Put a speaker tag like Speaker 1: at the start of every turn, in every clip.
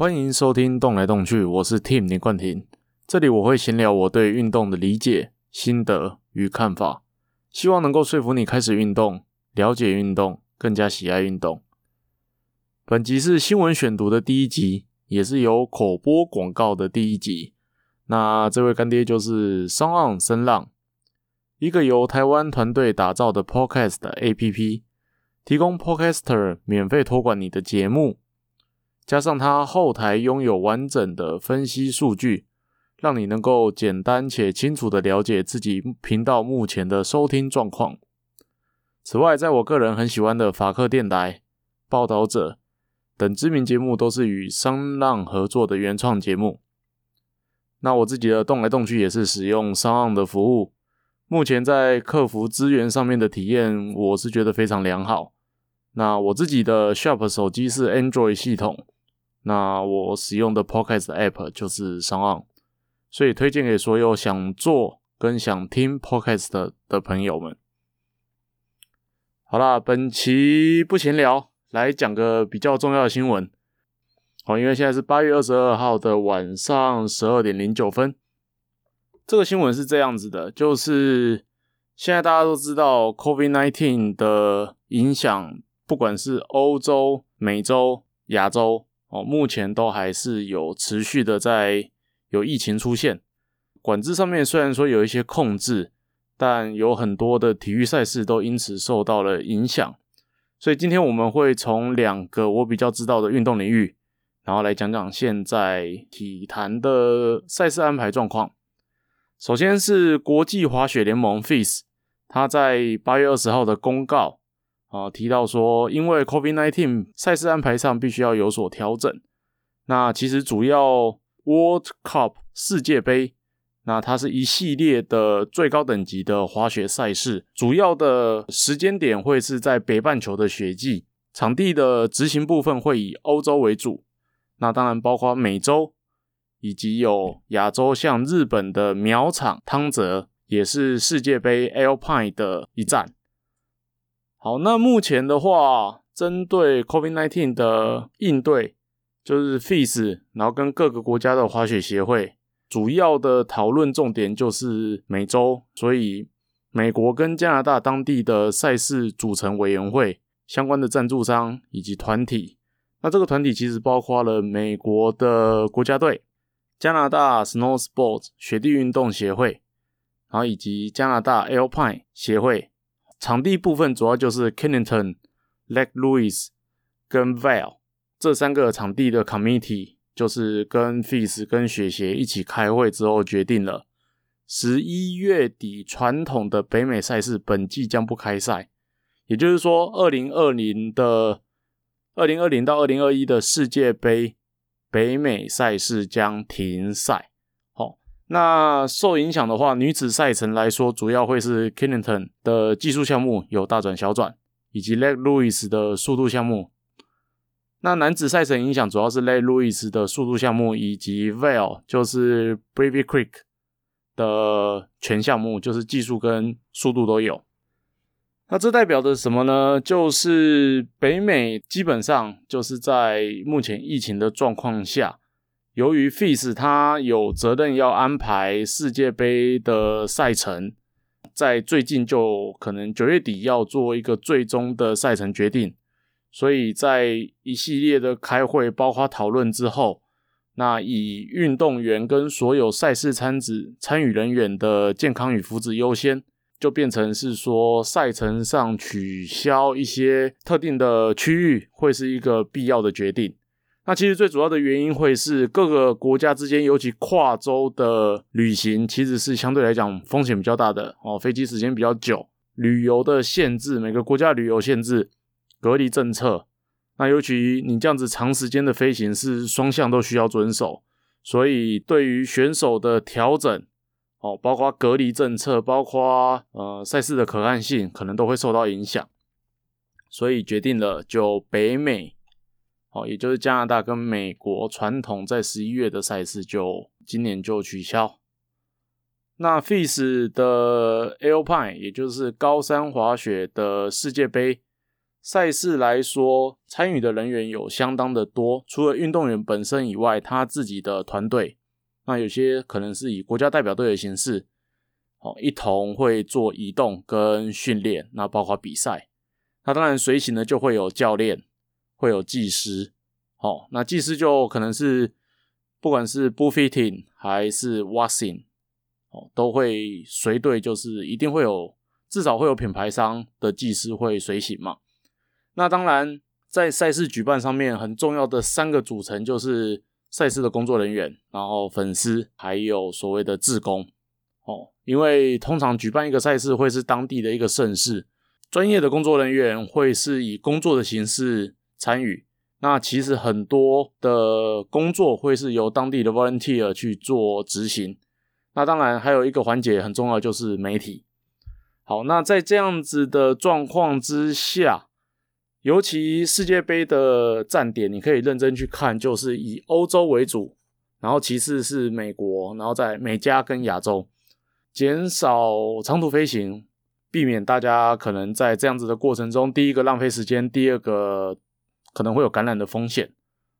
Speaker 1: 歡迎收聽《動來動去》，我是 Tim 林冠廷。這裡我會閒聊我對運動的理解、心得與看法，希望能夠說服你開始運動，了解運動，更加喜愛運動。本集是新聞選讀的第一集，也是由口播廣告的第一集。那這位乾爹就是 SoundOn 聲浪，一個由台灣團隊打造的 podcast APP，提供 podcaster 免費託管你的節目。加上它後台擁有完整的分析數據，讓你能夠簡單且清楚地了解自己頻道目前的收聽狀況。此外，在我個人很喜歡的法克電台、報道者等知名節目，都是與 SoundOn 合作的原創節目。那我自己的動來動去也是使用 SoundOn 的服務，目前在客服資源上面的體驗，我是覺得非常良好。那我自己的 Sharp 手機是 Android 系統。那我使用的 Podcast App 就是 SoundOn，所以推薦給所有想做跟想聽 Podcast 的,的朋友們。好啦，本期不閒聊，來講個比較重要的新聞。好，因為現在是八月二十二號的晚上十二點零九分，這個新聞是這樣子的，就是現在大家都知道 Covid nineteen 的影響，不管是歐洲、美洲、亞洲。哦，目前都還是有持續的在有疫情出現，管制上面雖然說有一些控制，但有很多的體育賽事都因此受到了影響。所以今天我們會從兩個我比較知道的運動領域，然後來講講現在體壇的賽事安排狀況。首先是國際滑雪聯盟 FIS，它在八月二十號的公告，啊，提到說，因為 COVID-19 賽事安排上必須要有所調整。那其實主要 World Cup 世界盃，那它是一系列的最高等級的滑雪賽事，主要的時間點會是在北半球的雪季，場地的執行部分會以歐洲為主。那當然包括美洲，以及有亞洲，像日本的苗場湯澤也是世界盃 Alpine 的一站。好，那目前的話，針對 COVID-19 的應對，就是 FIS，然後跟各個國家的滑雪協會，主要的討論重點就是美洲，所以美國跟加拿大當地的賽事組成委員會，相關的贊助商以及團體，那這個團體其實包括了美國的國家隊、加拿大 Snow Sports 雪地運動協會，然後以及加拿大 Alpine 協會。場地部分主要就是 Kennington、Lake Louise 跟 Vail 這三個場地的 committee 就是跟 FIS 跟雪鞋一起開會之後決定了，十一月底傳統的北美賽事本季將不開賽，也就是說，二零二零的二零二零到二零二一的世界杯北美賽事將停賽。那受影響的話，女子賽程來說，主要會是 Killington 的技術項目有大轉小轉，以及 Lake Louise 的速度項目。那男子賽程影響主要是 Lake Louise 的速度項目以及 Vail 就是 Beaver Creek 的全項目，就是技術跟速度都有。那這代表着什麼呢？就是北美基本上就是在目前疫情的狀況下。由於 FIS 它有責任要安排世界盃的賽程，在最近就可能九月底要做一個最終的賽程決定，所以在一系列的開會包括討論之後，那以運動員跟所有賽事參子參與人員的健康與福祉優先，就變成是說賽程上取消一些特定的區域會是一個必要的決定。那其實最主要的原因會是各個國家之間，尤其跨州的旅行，其實是相對來講風險比較大的哦。飛機時間比較久，旅遊的限制，每個國家旅遊限制、隔離政策，那尤其你這樣子長時間的飛行是雙向都需要遵守，所以對於選手的調整，哦，包括隔離政策，包括呃賽事的可看性，可能都會受到影響，所以決定了就北美。哦，也就是加拿大跟美國傳統在十一月的賽事就，就今年就取消。那 FIS 的 Alpine，也就是高山滑雪的世界杯賽事來說，參與的人員有相當的多，除了運動員本身以外，他自己的團隊，那有些可能是以國家代表隊的形式，哦，一同會做移動跟訓練，那包括比賽，那當然隨行的就會有教練。會有技師，哦，那技師就可能是不管是 boot fitting 還是 waxing，哦，都會隨隊，就是一定會有至少會有品牌商的技師會隨行嘛。那當然，在賽事舉辦上面很重要的三個組成就是賽事的工作人員，然後粉絲，還有所謂的志工，哦，因為通常舉辦一個賽事會是當地的一個盛事，專業的工作人員會是以工作的形式。參與，那，其實很多的工作會是由當地的 volunteer 去做執行。那當然還有一個環節很重要，就是媒體。好，那在這樣子的狀況之下，尤其世界盃的站點，你可以認真去看，就是以歐洲為主，然後其次是美國，然後在美加跟亞洲，減少長途飛行，避免大家可能在這樣子的過程中，第一個浪費時間，第二個。可能會有感染的風險，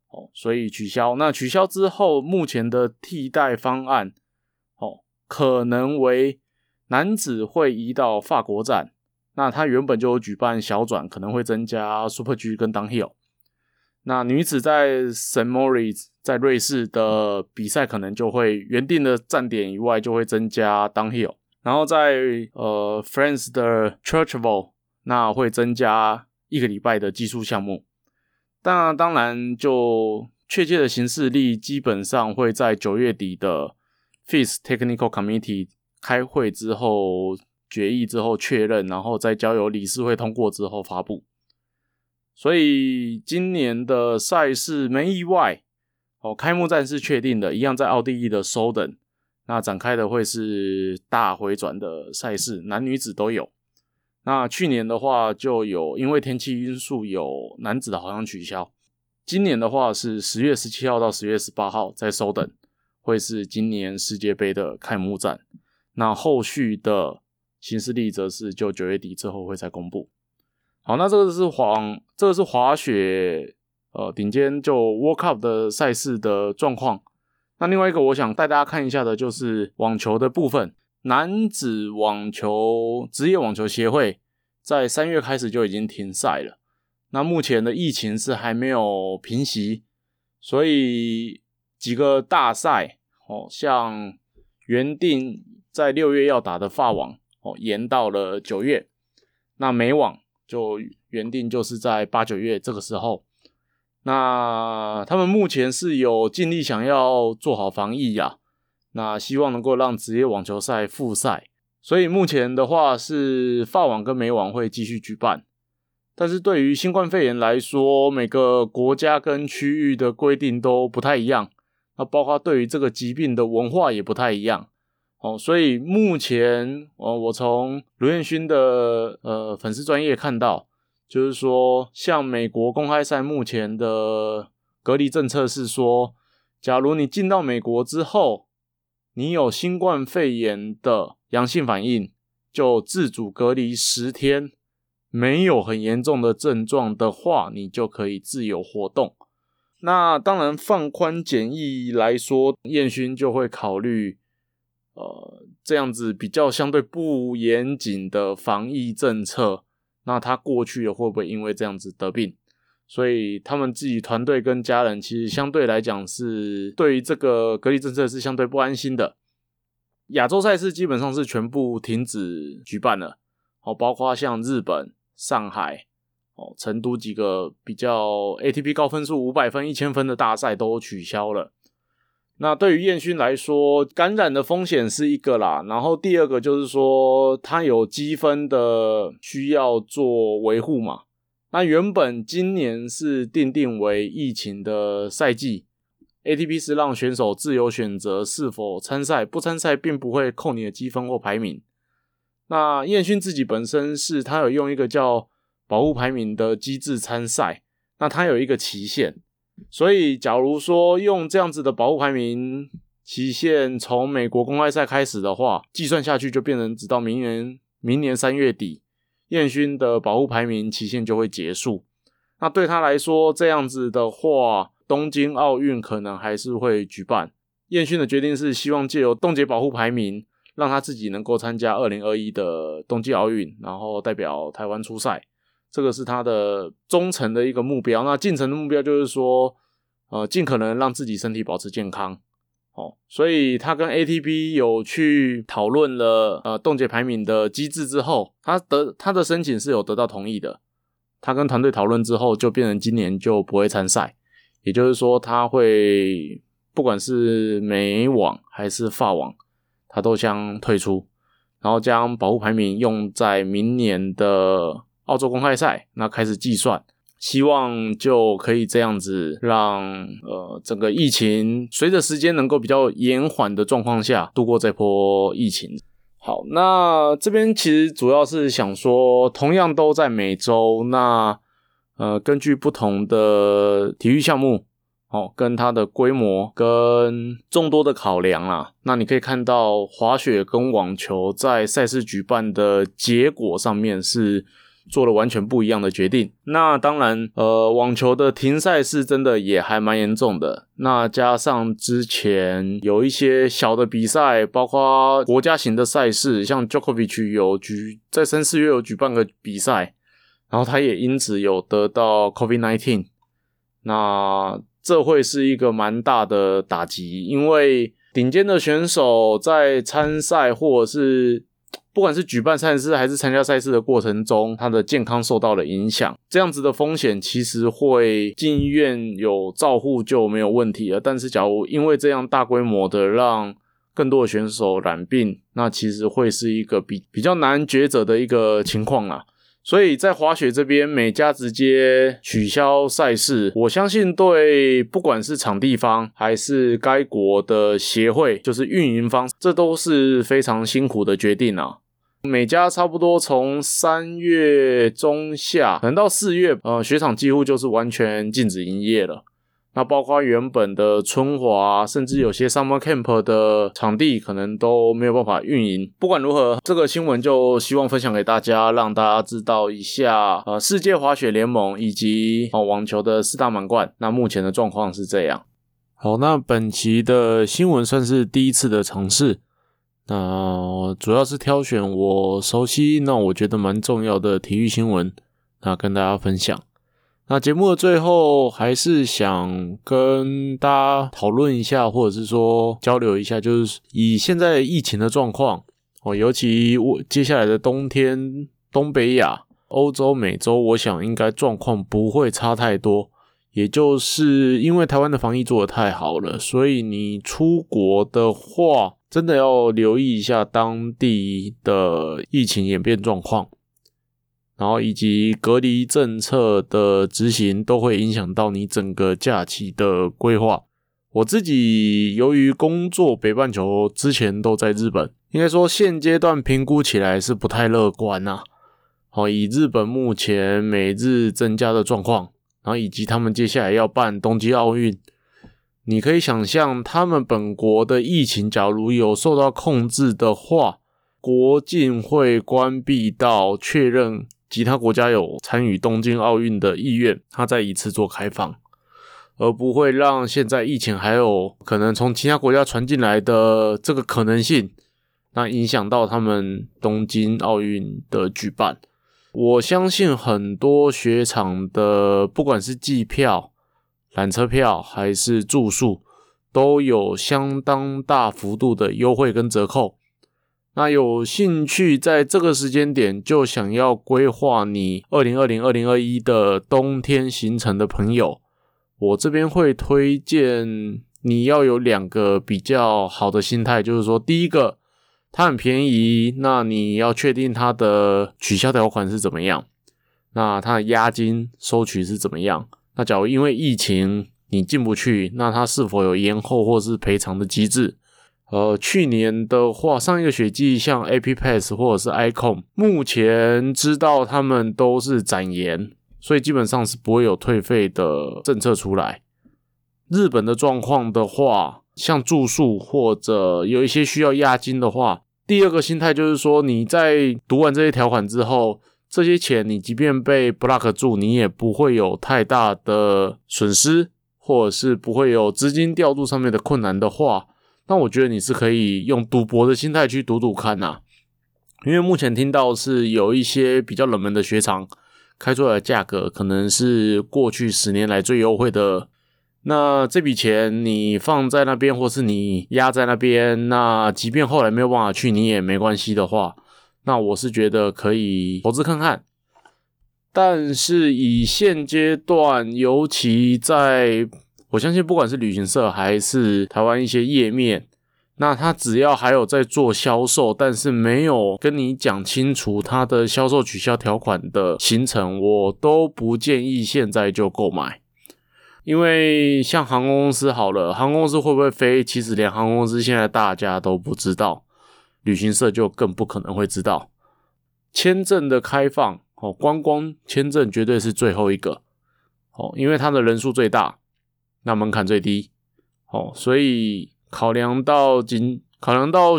Speaker 1: 哦，所以取消。那取消之後，目前的替代方案，哦，可能為男子會移到法國站，那他原本就有舉辦小轉，可能會增加 Super G 跟 Downhill。那女子在 St. Moritz 在瑞士的比賽，可能就會原定的站點以外，就會增加 Downhill。然後在呃 France 的 Churchville，那會增加一個禮拜的技術項目。那當然就，就確切的行事曆，基本上會在九月底的 FIS Technical Committee 開會之後決議之後確認，然後再交由理事會通過之後發布。所以今年的賽事沒意外，哦，開幕戰是確定的，一樣在奧地利的 Sölden 那展開的會是大回轉的賽事，男女子都有。那去年的話就有，因為天氣因素有男子的好像取消。今年的話是十月十七號到十月十八號在蘇等，會是今年世界杯的開幕戰。那後續的行事曆則是就九月底之後會再公布。好，那這個是滑，這個是滑雪，呃，頂尖就 World Cup 的賽事的狀況。那另外一個我想帶大家看一下的就是網球的部分。男子網球職業網球協會在三月開始就已經停賽了。那目前的疫情是還沒有平息，所以幾個大賽，哦，像原定在六月要打的法網，哦，延到了九月。那美網就原定就是在八九月這個時候。那他們目前是有盡力想要做好防疫呀、啊。那希望能夠讓職業網球賽複賽，所以目前的話是法網跟美網會繼續舉辦，但是對於新冠肺炎來說，每個國家跟區域的規定都不太一樣，那包括對於這個疾病的文化也不太一樣，哦，所以目前呃，我從盧彥勳的呃粉絲專頁看到，就是說像美國公開賽目前的隔離政策是說，假如你進到美國之後，你有新冠肺炎的陽性反應，就自主隔離十天，沒有很嚴重的症狀的話，你就可以自由活動。那當然，放寬檢疫來說，彥勳就會考慮，呃，這樣子比較相對不嚴謹的防疫政策。那他過去也會不會因為這樣子得病？所以他們自己團隊跟家人其實相對來講是對於這個隔離政策是相對不安心的。亞洲賽事基本上是全部停止舉辦了，哦，包括像日本、上海、哦、成都幾個比較 ATP 高分數五百分、一千分的大賽都取消了。那對於彥勳來說，感染的風險是一個啦，然後第二個就是說他有積分的需要做維護嘛。那原本今年是定定為疫情的賽季，ATP 是讓選手自由選擇是否參賽，不參賽並不會扣你的積分或排名。那彥勳自己本身是他有用一個叫保護排名的機制參賽，那他有一個期限，所以假如說用這樣子的保護排名期限從美國公開賽開始的話，計算下去就變成直到明年明年三月底。彥勳的保護排名期限就會結束，那對他來說，這樣子的話，東京奧運可能還是會舉辦。彥勳的決定是希望借由凍結保護排名，讓他自己能夠參加二零二一的冬季奧運，然後代表台灣出賽，這個是他的中程的一個目標。那近程的目標就是說，呃，盡可能讓自己身體保持健康。所以他跟 ATP 有去討論了，呃，凍結排名的機制之後，他的他的申請是有得到同意的。他跟團隊討論之後，就變成今年就不會參賽。也就是說，他會不管是美網還是法網，他都將退出，然後將保護排名用在明年的澳洲公開賽，那開始計算。希望就可以這樣子讓，讓呃整個疫情隨着時間能夠比較延緩的狀況下度過這波疫情。好，那這邊其實主要是想說，同樣都在美洲，那呃根據不同的體育項目、哦，跟它的規模跟眾多的考量啦、啊，那你可以看到滑雪跟網球在賽事舉辦的結果上面是。做了完全不一樣的決定。那當然，呃，網球的停賽是真的也還蠻嚴重的。那加上之前有一些小的比賽，包括國家型的賽事，像 Djokovic 有舉，在三四月有舉辦個比賽，然後他也因此有得到 COVID-19。那這會是一個蠻大的打擊，因為頂尖的選手在參賽或者是。不管是舉辦賽事還是參加賽事的過程中，他的健康受到了影響，這樣子的風險其實會進醫院有照護就沒有問題了。但是，假如因為這樣大規模的讓更多的選手染病，那其實會是一個比比較難抉擇的一個情況啊。所以在滑雪這邊，每家直接取消賽事，我相信對不管是場地方還是該國的協會，就是運營方，這都是非常辛苦的決定啊。每家差不多從三月中下，可能到四月，呃，雪場幾乎就是完全禁止營業了。那包括原本的春華，甚至有些 summer camp 的場地，可能都沒有辦法運營。不管如何，這個新聞就希望分享給大家，讓大家知道一下，呃，世界滑雪聯盟以及，呃，網球的四大滿貫，那目前的狀況是這樣。好，那本期的新聞算是第一次的嘗試。啊，主要是挑選我熟悉，那我覺得蠻重要的體育新聞，那跟大家分享。那節目的最後，還是想跟大家討論一下，或者是說交流一下，就是以現在疫情的狀況，哦，尤其我接下來的冬天，東北亞、歐洲、美洲，我想應該狀況不會差太多。也就是因為台灣的防疫做得太好了，所以你出國的話。真的要留意一下當地的疫情演變狀況，然後以及隔離政策的執行，都會影響到你整個假期的規劃。我自己由於工作，北半球之前都在日本，應該說現階段評估起來是不太樂觀吶。哦，以日本目前每日增加的狀況，然後以及他們接下來要辦東京奧運。你可以想象，他們本國的疫情假如有受到控制的話，國境會關閉到確認其他國家有參與東京奧運的意願，他再一次做開放，而不會讓現在疫情還有可能從其他國家傳進來的這個可能性，那影響到他們東京奧運的舉辦。我相信很多雪場的，不管是機票。纜車票還是住宿，都有相當大幅度的優惠跟折扣。那有興趣在這個時間點就想要規劃你二零二零二零二一的冬天行程的朋友，我這邊會推薦你要有兩個比較好的心態，就是說，第一個，它很便宜，那你要確定它的取消條款是怎麼樣，那它的押金收取是怎麼樣。那假如因為疫情你進不去，那它是否有延後或是賠償的機制？呃，去年的話，上一個雪季像 Epic Pass 或者是 Ikon，目前知道他們都是展延，所以基本上是不會有退費的政策出來。日本的狀況的話，像住宿或者有一些需要押金的話，第二個心態就是說你在讀完這些條款之後。這些錢你即便被 block 住，你也不會有太大的損失，或者是不會有資金調度上面的困難的話，那我覺得你是可以用賭博的心態去賭賭看吶、啊。因為目前聽到是有一些比較冷門的雪場，開出來的價格可能是過去十年來最優惠的。那這筆錢你放在那邊，或是你壓在那邊，那即便後來沒有辦法去，你也沒關係的話，那我是覺得可以投資看看，但是以現階段，尤其在我相信，不管是旅行社還是台灣一些頁面，那他只要還有在做銷售，但是沒有跟你講清楚他的銷售取消條款的行程，我都不建議現在就購買，因為像航空公司好了，航空公司會不會飛，其實連航空公司現在大家都不知道。旅行社就更不可能會知道。簽證的開放哦，觀光簽證絕對是最後一個哦，因為它的人數最大，那門檻最低哦，所以考量到經考量到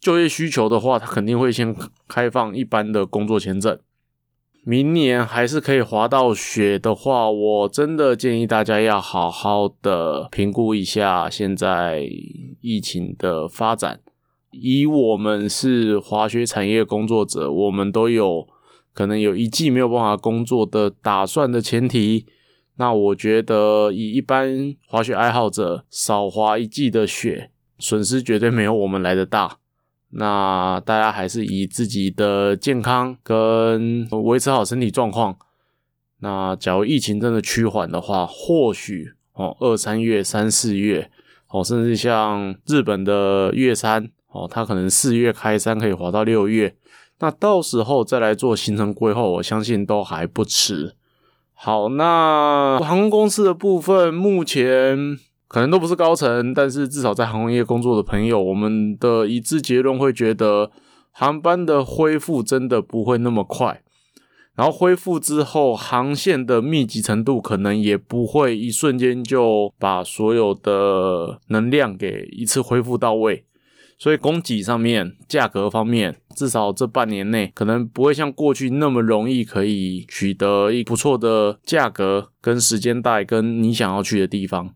Speaker 1: 就業需求的話，他肯定會先開放一般的工作簽證。明年還是可以滑到雪的話，我真的建議大家要好好的評估一下現在疫情的發展。以我們是滑雪產業工作者，我們都有可能有一季沒有辦法工作的打算的前提。那我覺得，以一般滑雪愛好者少滑一季的雪，損失絕對沒有我們來得大。那大家還是以自己的健康跟維持好身體狀況。那假如疫情真的趨緩的話，或許哦二三月、三四月，哦甚至像日本的月山。哦，他可能四月開山可以滑到六月，那到時候再來做行程規劃，我相信都還不遲。好，那航空公司的部分目前可能都不是高層，但是至少在航空業工作的朋友，我們的一致結論會覺得航班的恢復真的不會那麼快，然後恢復之後航線的密集程度可能也不會一瞬間就把所有的能量給一次恢復到位。所以供給上面，價格方面，至少這半年內可能不會像過去那麼容易可以取得一個不錯的價格跟時間帶，跟你想要去的地方。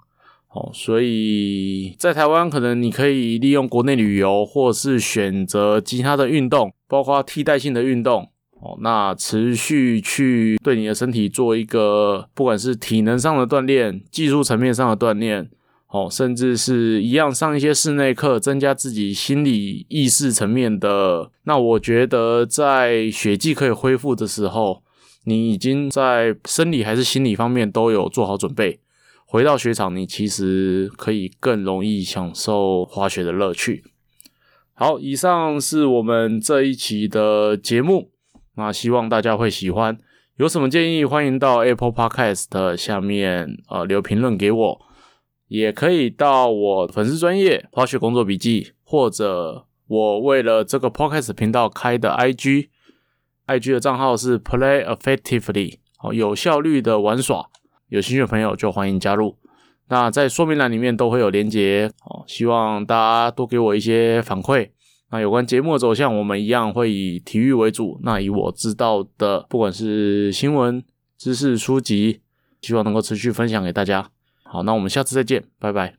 Speaker 1: 好，所以在台灣可能你可以利用國內旅遊，或是選擇其他的運動，包括替代性的運動。哦，那持續去對你的身體做一個，不管是體能上的鍛煉，技術層面上的鍛煉。哦，甚至是一樣上一些室內課，增加自己心理意識層面的。那我覺得，在雪季可以恢復的時候，你已經在生理還是心理方面都有做好準備，回到雪場，你其實可以更容易享受滑雪的樂趣。好，以上是我們這一期的節目，那希望大家會喜歡。有什麼建議，歡迎到 Apple Podcast 下面呃留評論給我。也可以到我粉絲專業滑雪工作筆記，或者我為了這個 podcast 頻道開的 IG、IG IG 的賬號是 play effectively，哦，有效率的玩耍。有興趣的朋友就歡迎加入。那在說明欄裡面都會有連接哦，希望大家多給我一些反饋。那有關節目的走向，我們一樣會以體育為主。那以我知道的，不管是新聞、知識、書籍，希望能夠持續分享給大家。好，那我們下次再見，拜拜。